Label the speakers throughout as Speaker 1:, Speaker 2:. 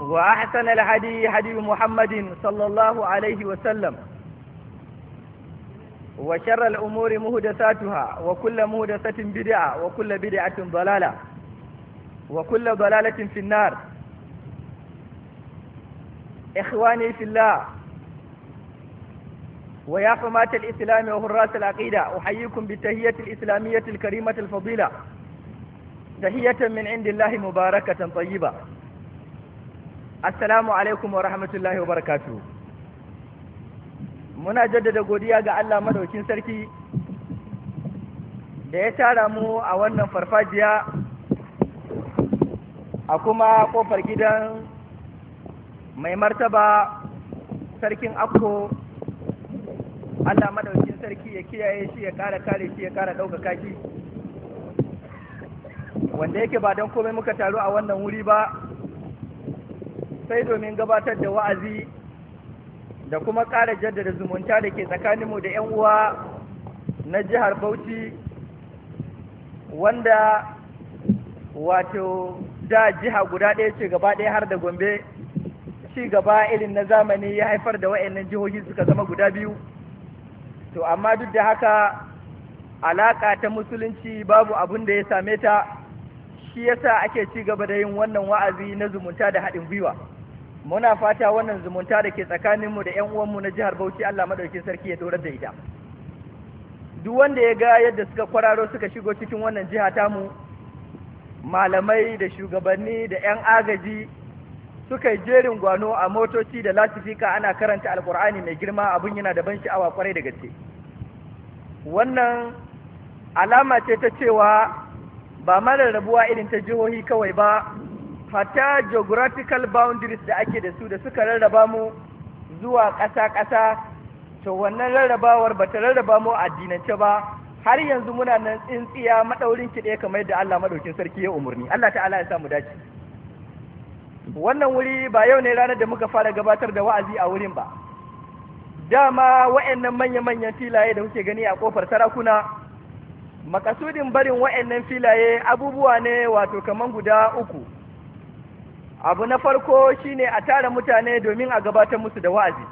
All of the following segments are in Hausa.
Speaker 1: وأحسن الهدي هدي محمد صلى الله عليه وسلم وشر الأمور مهدساتها وكل مهدسة بدعة وكل بدعة ضلالة وكل ضلالة في النار إخواني في الله ويا حماة الإسلام وهراس العقيدة أحييكم بالتهية الإسلامية الكريمة الفضيلة تهية من عند الله مباركة طيبة assalamu alaikum wa rahmatullahi wa barakatu muna jaddada godiya ga Allah madaukin sarki da ya tara mu a wannan farfajiya a kuma kofar gidan mai martaba sarkin akko Allah madaukin sarki ya kiyaye shi ya kara kare shi ya kara ɗaukaka shi wanda yake ba don komai muka taru a wannan wuri ba sai domin gabatar da wa'azi da kuma ƙara jaddada zumunta da ke tsakaninmu da 'yan uwa na jihar Bauchi wanda wato da jiha guda ɗaya ce gaba ɗaya har da Gombe ci gaba irin na zamani ya haifar da wa'annan jihohi suka zama guda biyu to amma duk da haka alaƙa ta musulunci babu abin da ya same ta shi yasa ake ci gaba da yin wannan wa'azi na zumunta da haɗin gwiwa muna fata wannan zumunta da ke tsakaninmu da 'yan uwanmu na jihar Bauchi Allah maɗauki sarki ya dorar da ita duk wanda ya ga yadda suka kwararo suka shigo cikin wannan jiha mu, malamai da shugabanni da 'yan agaji suka yi jerin gwano a motoci da lasifika ana karanta alkur'ani mai girma abin yana da ban sha'awa kwarai da gaske wannan alama ce ta cewa ba mara rabuwa irin ta jihohi kawai ba hatta geographical boundaries da ake da su da suka rarraba mu zuwa ƙasa-ƙasa to wannan rarrabawar ba ta rarraba mu a addinance ba har yanzu muna nan tsintsiya maɗaurin kiɗe kamar yadda Allah maɗaukin sarki ya umarni Allah ta'ala ya samu dace wannan wuri ba yau ne ranar da muka fara gabatar da wa'azi a wurin ba dama wa'annan manya-manyan filaye da kuke gani a kofar sarakuna makasudin barin wa'annan filaye abubuwa ne wato kaman guda uku abu na farko shine a tara mutane domin a gabatar musu da wa'azi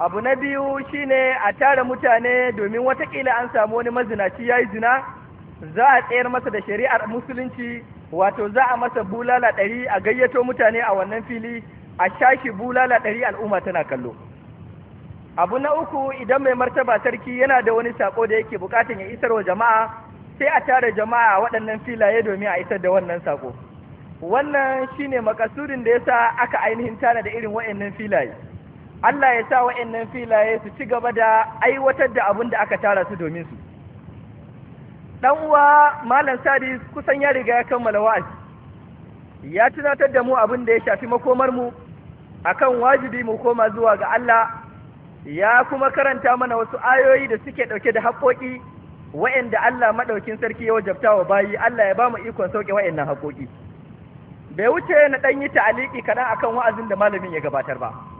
Speaker 1: abu na biyu shine a tara mutane domin watakila an samu wani mazinaci ya yi zina za a tsayar masa da shari'ar musulunci wato za a masa bulala ɗari a gayyato mutane a wannan fili a shashi bulala ɗari al'umma tana kallo abu na uku idan mai martaba sarki yana da wani sako da yake bukatan ya isar wa jama'a sai a tara jama'a a waɗannan filaye domin a isar da wannan sako wannan shine makasudin da ya sa aka ainihin tana da irin wa'annan filaye Allah ya sa wa'annan filaye su ci gaba da aiwatar da abin da aka tara su domin su dan uwa malam Sadi kusan ya riga ya kammala wa'azi ya tunatar da mu abin da ya shafi makomar mu akan wajibi mu koma zuwa ga Allah ya kuma karanta mana wasu ayoyi da suke dauke da haƙoƙi wa'anda Allah maɗaukin sarki ya wajabta wa bayi Allah ya ba mu ikon sauke wa'annan haƙoƙi bai wuce na ɗanyi yi ta'aliki kaɗan akan wa'azin da malamin ya gabatar ba